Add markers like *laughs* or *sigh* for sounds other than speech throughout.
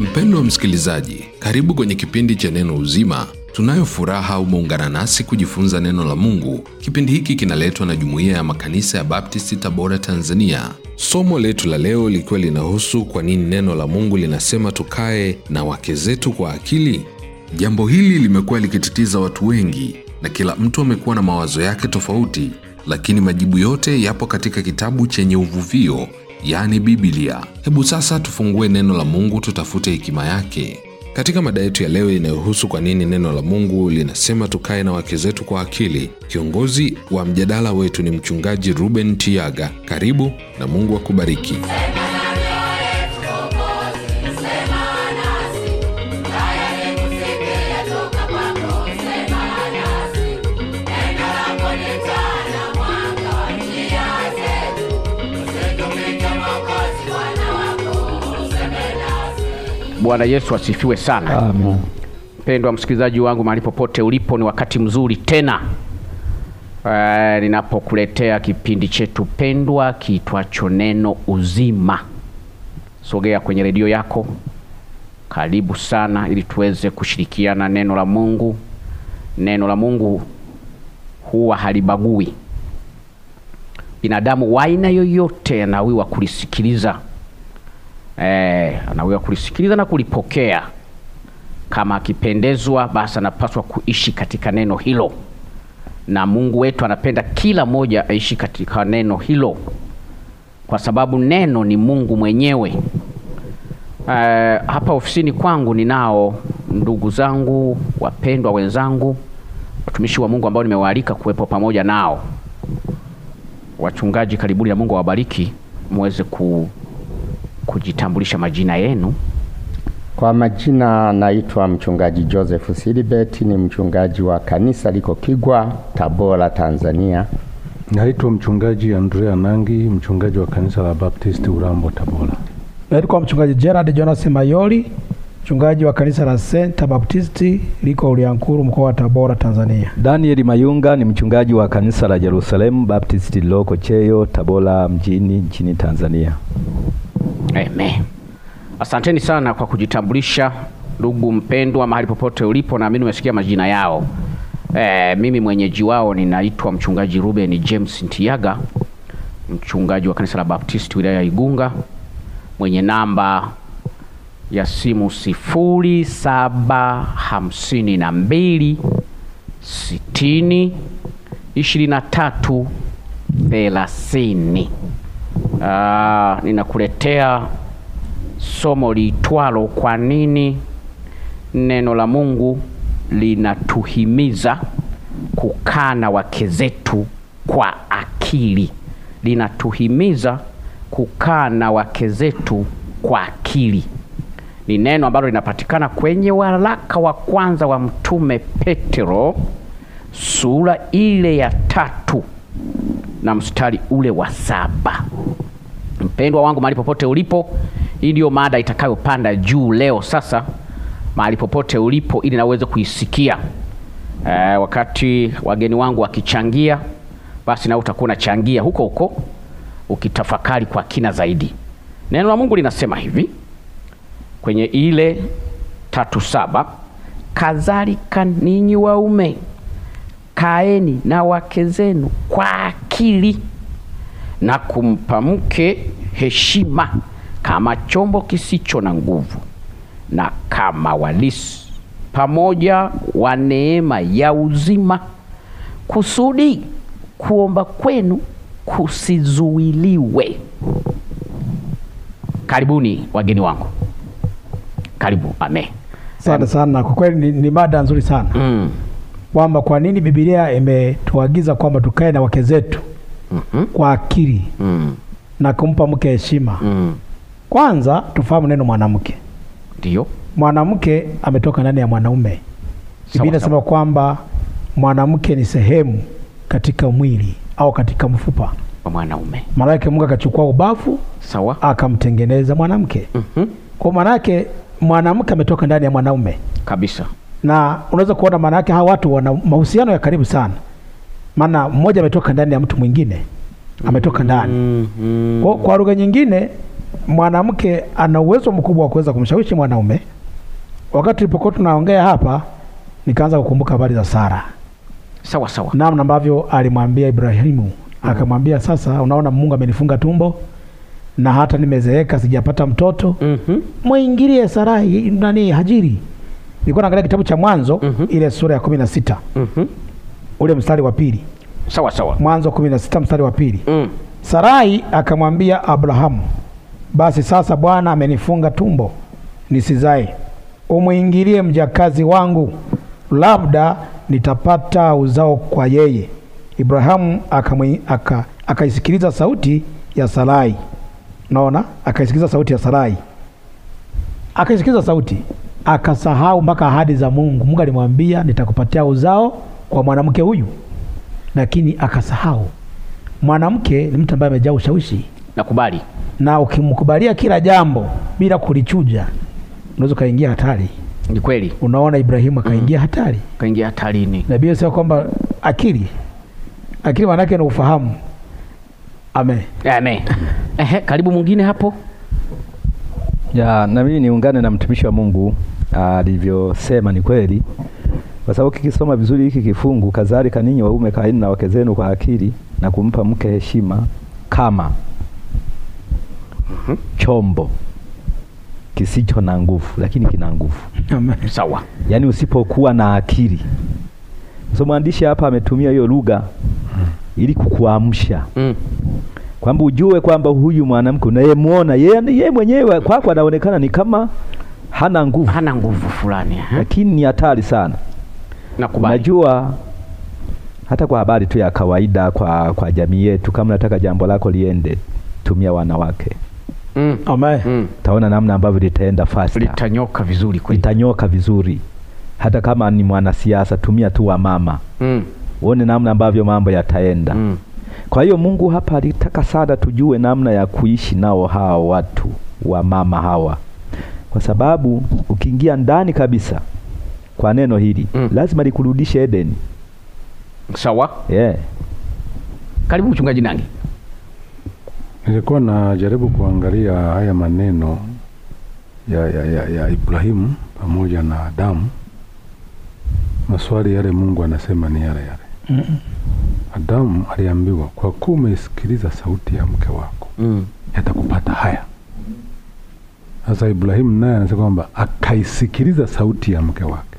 Mpendo wa msikilizaji, karibu kwenye kipindi cha Neno Uzima. Tunayo furaha umeungana nasi kujifunza neno la Mungu. Kipindi hiki kinaletwa na Jumuiya ya Makanisa ya Baptisti, Tabora, Tanzania. Somo letu la leo likiwa linahusu kwa nini neno la Mungu linasema tukae na wake zetu kwa akili. Jambo hili limekuwa likitatiza watu wengi na kila mtu amekuwa na mawazo yake tofauti, lakini majibu yote yapo katika kitabu chenye uvuvio yani Biblia. Hebu sasa tufungue neno la Mungu, tutafute hekima yake katika mada yetu ya leo inayohusu kwa nini neno la Mungu linasema tukae na wake zetu kwa akili. Kiongozi wa mjadala wetu ni Mchungaji Ruben Tiaga. Karibu na Mungu akubariki. Bwana Yesu asifiwe sana. Amen. Mpendwa msikilizaji wangu mahali popote ulipo, ni wakati mzuri tena uh, ninapokuletea kipindi chetu pendwa kiitwacho Neno Uzima. Sogea kwenye redio yako, karibu sana, ili tuweze kushirikiana neno la Mungu. Neno la Mungu huwa halibagui binadamu, waaina yoyote anawiwa kulisikiliza eh, anaweza kulisikiliza na kulipokea. Kama akipendezwa, basi anapaswa kuishi katika neno hilo, na Mungu wetu anapenda kila mmoja aishi katika neno hilo, kwa sababu neno ni Mungu mwenyewe. Eh, hapa ofisini kwangu ninao ndugu zangu wapendwa wenzangu watumishi wa Mungu ambao nimewaalika kuwepo pamoja nao. Wachungaji, karibuni na Mungu awabariki muweze ku kujitambulisha majina yenu. Kwa majina naitwa mchungaji Joseph Silibet, ni mchungaji wa kanisa liko Kigwa, Tabora, Tanzania. Naitwa mchungaji Andrea Nangi, mchungaji wa kanisa la Baptisti Urambo, Tabora. Naitwa mchungaji Gerard Jonas Mayoli, mchungaji wa kanisa la Senta Baptisti liko Uliankuru, mkoa wa Tabora, Tanzania. Daniel Mayunga ni mchungaji wa kanisa la Jerusalemu Baptisti liloko Cheyo, Tabora mjini nchini Tanzania. Amen. Asanteni sana kwa kujitambulisha ndugu mpendwa, mahali popote ulipo, naamini umesikia majina yao. E, mimi mwenyeji wao ninaitwa mchungaji Ruben James Ntiaga, mchungaji wa kanisa la Baptisti wilaya ya Igunga, mwenye namba ya simu sifuri saba hamsini na mbili sitini ishirini na tatu thelathini. Uh, ninakuletea somo liitwalo kwa nini neno la Mungu linatuhimiza kukaa na wake zetu kwa akili. Linatuhimiza kukaa na wake zetu kwa akili. Ni neno ambalo linapatikana kwenye waraka wa kwanza wa Mtume Petro sura ile ya tatu na mstari ule wa saba. Mpendwa wangu, mahali popote ulipo, hii ndiyo mada itakayopanda juu leo. Sasa mahali popote ulipo, ili naweze kuisikia e, wakati wageni wangu wakichangia, basi na utakuwa unachangia huko huko ukitafakari kwa kina zaidi. Neno la Mungu linasema hivi kwenye ile tatu saba, kadhalika ninyi waume kaeni na wake zenu kwa akili na kumpa mke heshima kama chombo kisicho na nguvu na kama walisi pamoja wa neema ya uzima, kusudi kuomba kwenu kusizuiliwe. Karibuni wageni wangu, karibu. Amen. Asante sana kwa kweli, ni, ni mada nzuri sana mm kwamba kwa nini Biblia imetuagiza kwamba tukae na wake zetu mm -hmm. kwa akili mm -hmm. na kumpa mke heshima mm -hmm. Kwanza tufahamu neno mwanamke, ndio mwanamke ametoka ndani ya mwanaume. Biblia inasema kwamba mwanamke ni sehemu katika mwili au katika mfupa wa mwanaume. Maana yake Mungu akachukua ubavu sawa, akamtengeneza mwanamke mm -hmm. Kwa maana yake mwanamke ametoka ndani ya mwanaume kabisa na unaweza kuona maana yake hawa watu wana mahusiano ya karibu sana, maana mmoja ametoka ndani ya mtu mwingine ametoka ndani mm, mm. Kwa, kwa lugha nyingine mwanamke ana uwezo mkubwa wa kuweza kumshawishi mwanaume. Wakati tulipokuwa tunaongea hapa, nikaanza kukumbuka habari za Sara, sawa sawa, namna ambavyo alimwambia Ibrahimu mm. Akamwambia, sasa unaona, Mungu amenifunga tumbo na hata nimezeeka, sijapata mtoto mm -hmm. Mwingilie Sarai nani Hajiri nilikuwa naangalia kitabu cha Mwanzo mm -hmm. ile sura ya kumi na sita mm -hmm. ule mstari wa pili sawa sawa. Mwanzo kumi na sita mstari wa pili mm. Sarai akamwambia Abrahamu, basi sasa Bwana amenifunga tumbo nisizae, umwingilie mjakazi wangu, labda nitapata uzao kwa yeye. Ibrahamu akaisikiliza aka, sauti ya Sarai. Naona akaisikiliza sauti ya Sarai, akaisikiliza sauti akasahau mpaka ahadi za Mungu. Mungu alimwambia nitakupatia uzao kwa mwanamke huyu, lakini akasahau. Mwanamke ni mtu ambaye amejaa ushawishi. Nakubali, na ukimkubalia kila jambo bila kulichuja, unaweza ukaingia hatari. Ni kweli, unaona Ibrahimu mm-hmm. akaingia mm. hatari, kaingia hatarini. Nabii anasema kwamba akili, akili manake yake ni ufahamu. Amen, amen. *laughs* Ehe, karibu mwingine hapo. Ya, na mimi niungane na mtumishi wa Mungu alivyosema ni kweli, kwa sababu kikisoma vizuri hiki kifungu, kadhalika ninyi waume kaeni na wake zenu kwa akili na kumpa mke heshima kama mhm. chombo kisicho na nguvu, lakini kina nguvu sawa. Yaani usipokuwa na akili so mwandishi hapa ametumia hiyo lugha ili kukuamsha mm. kwamba ujue kwamba huyu mwanamke unayemuona yeye mwenyewe kwako anaonekana ni kama hana nguvu, hana nguvu fulani, eh? lakini ni hatari sana. Nakubali. Najua hata kwa habari tu ya kawaida kwa, kwa jamii yetu, kama nataka jambo lako liende, tumia wanawake mm. mm. Taona namna ambavyo litaenda faster, litanyoka vizuri kweli, litanyoka vizuri. Hata kama ni mwanasiasa, tumia tu wamama mm. Uone namna ambavyo mambo yataenda mm. Kwa hiyo Mungu hapa alitaka sana tujue namna ya kuishi nao hawa watu wa mama hawa kwa sababu ukiingia ndani kabisa kwa neno hili mm. lazima likurudishe Edeni. Sawa, yeah. Karibu mchungaji Nangi. Nilikuwa najaribu kuangalia haya maneno ya, ya, ya, ya Ibrahimu pamoja na Adamu. Maswali yale Mungu anasema ni yale yale mm -mm. Adamu aliambiwa, kwa kuwa umeisikiliza sauti ya mke wako mm. yatakupata haya sasa Ibrahimu naye anasema kwamba akaisikiliza sauti ya mke wake.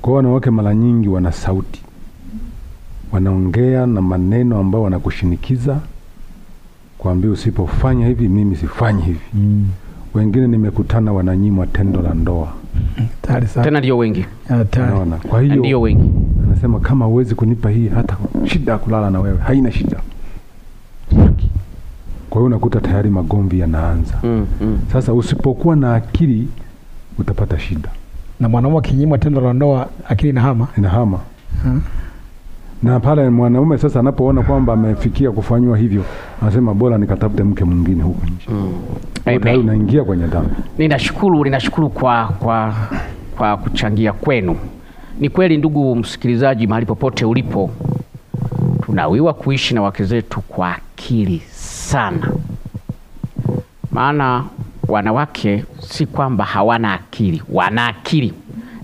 Kwa hiyo wanawake mara nyingi wana sauti, wanaongea na maneno ambayo wanakushinikiza kwambia usipofanya hivi mimi sifanyi hivi mm. Wengine nimekutana wananyimwa tendo la ndoa tena, ndio wengi. Kwa hiyo anasema kama uwezi kunipa hii, hata shida ya kulala na wewe haina shida. Kwa hiyo unakuta tayari magomvi yanaanza. mm, mm. Sasa usipokuwa na akili utapata shida, na mwanaume akinyimwa tendo la ndoa akili inahama, inahama hmm. Na pale mwanaume sasa anapoona kwamba amefikia kufanywa hivyo, anasema bora nikatafute mke mwingine huko nje mm. unaingia kwenye dhambi. Ninashukuru, ninashukuru kwa, kwa, kwa kuchangia kwenu. Ni kweli ndugu msikilizaji, mahali popote ulipo, tunawiwa kuishi na wake zetu kwa akili sana, maana wanawake si kwamba hawana akili, wana akili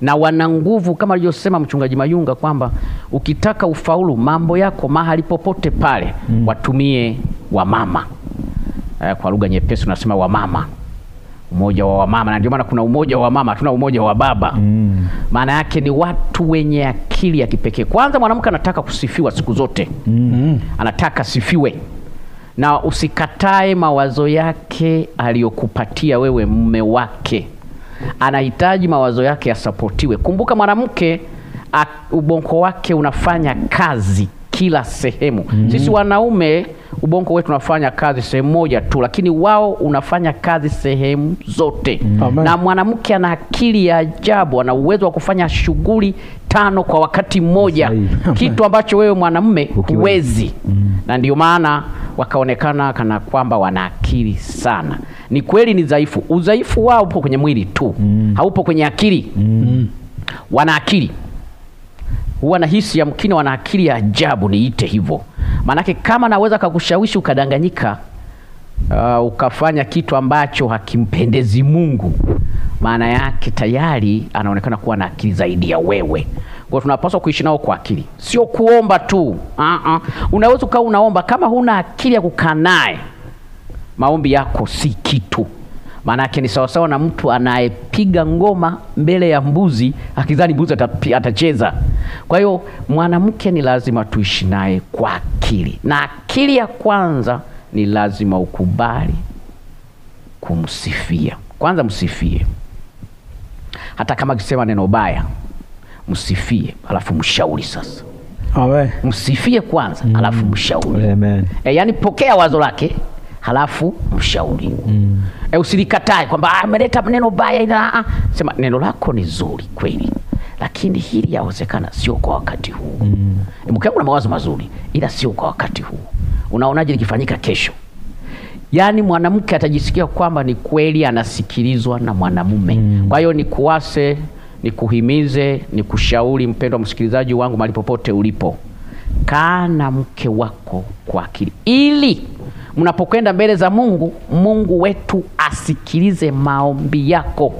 na wana nguvu, kama alivyosema Mchungaji Mayunga kwamba ukitaka ufaulu mambo yako mahali popote pale, mm. watumie wamama. Eh, kwa lugha nyepesi unasema wamama, umoja wa wamama, na ndio maana kuna umoja wa wamama, hatuna umoja wa baba. Mm. Maana mm. yake ni watu wenye akili ya kipekee. Kwanza mwanamke anataka kusifiwa siku zote mm. anataka sifiwe na usikatae mawazo yake aliyokupatia wewe mume wake. Anahitaji mawazo yake yasapotiwe. Kumbuka mwanamke ubongo wake unafanya kazi kila sehemu. mm -hmm. Sisi wanaume ubongo wetu unafanya kazi sehemu moja tu, lakini wao unafanya kazi sehemu zote. mm -hmm. Na mwanamke ana akili ya ajabu, ana uwezo wa kufanya shughuli tano kwa wakati mmoja, *laughs* kitu ambacho wewe mwanamume huwezi. mm -hmm. Na ndio maana wakaonekana kana kwamba wana akili sana. Ni kweli ni dhaifu, udhaifu wao upo kwenye mwili tu mm. haupo kwenye akili mm. wana akili huwa nahisi mkini, wana akili ya ajabu, niite hivyo. Maanake kama naweza kakushawishi ukadanganyika, uh, ukafanya kitu ambacho hakimpendezi Mungu, maana yake tayari anaonekana kuwa na akili zaidi ya wewe kwa tunapaswa kuishi nao kwa akili, sio kuomba tu. Uh-uh. Unaweza ukawa unaomba kama huna akili ya kukaa naye, maombi yako si kitu. Maana yake ni sawasawa na mtu anayepiga ngoma mbele ya mbuzi akidhani mbuzi atacheza. Kwa hiyo mwanamke ni lazima tuishi naye kwa akili, na akili ya kwanza ni lazima ukubali kumsifia kwanza. Msifie hata kama akisema neno baya msifie, alafu mshauri sasa. Awe. Msifie kwanza mm. alafu mshauri. Amen. E, yani pokea wazo lake halafu mshauri mm. E, usilikatae kwamba ah, ameleta neno baya, ila ah, ah. sema neno lako ni zuri kweli, lakini hili yawezekana sio kwa wakati huu mm. E, mke wangu na mawazo mazuri, ila sio kwa wakati huu. Unaonaje likifanyika kesho? Yaani mwanamke atajisikia kwamba ni kweli anasikilizwa na mwanamume mm. Kwa hiyo ni kuwase nikuhimize, nikushauri mpendwa msikilizaji wangu, mahali popote ulipo, kaa na mke wako kwa akili, ili mnapokwenda mbele za Mungu, Mungu wetu asikilize maombi yako.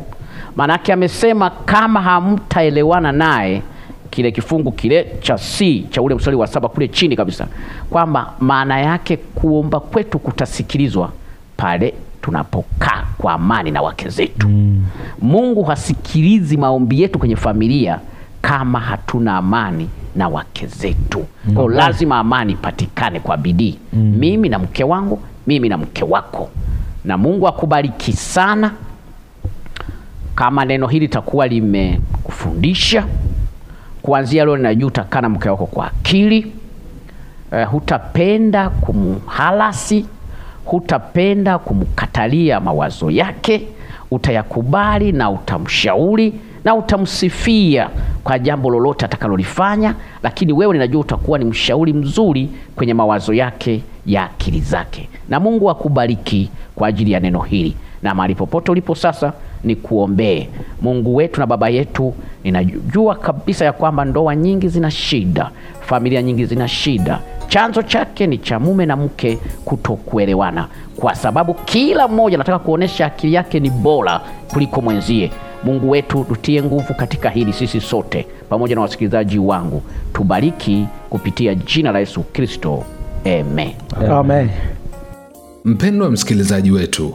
Maanake amesema kama hamtaelewana naye kile kifungu kile cha C cha ule mstari wa saba kule chini kabisa, kwamba maana yake kuomba kwetu kutasikilizwa pale tunapokaa kwa amani na wake zetu mm. Mungu hasikilizi maombi yetu kwenye familia kama hatuna amani na wake zetu mm. Kwa lazima amani ipatikane kwa bidii mm. Mimi na mke wangu, mimi na mke wako, na Mungu akubariki sana. Kama neno hili takuwa limekufundisha kuanzia leo, ninajua utakaa na mke wako kwa akili Uh, hutapenda kumhalasi, hutapenda kumkatalia mawazo yake utayakubali na utamshauri na utamsifia kwa jambo lolote atakalolifanya, lakini wewe ninajua utakuwa ni mshauri mzuri kwenye mawazo yake ya akili zake. Na Mungu akubariki kwa ajili ya neno hili, na mahali popote ulipo sasa ni kuombee Mungu wetu na Baba yetu, ninajua kabisa ya kwamba ndoa nyingi zina shida, familia nyingi zina shida. Chanzo chake ni cha mume na mke kutokuelewana, kwa sababu kila mmoja anataka kuonesha akili yake ni bora kuliko mwenzie. Mungu wetu, tutie nguvu katika hili sisi sote pamoja na wasikilizaji wangu, tubariki kupitia jina la Yesu Kristo, amen, amen. Mpendwa msikilizaji wetu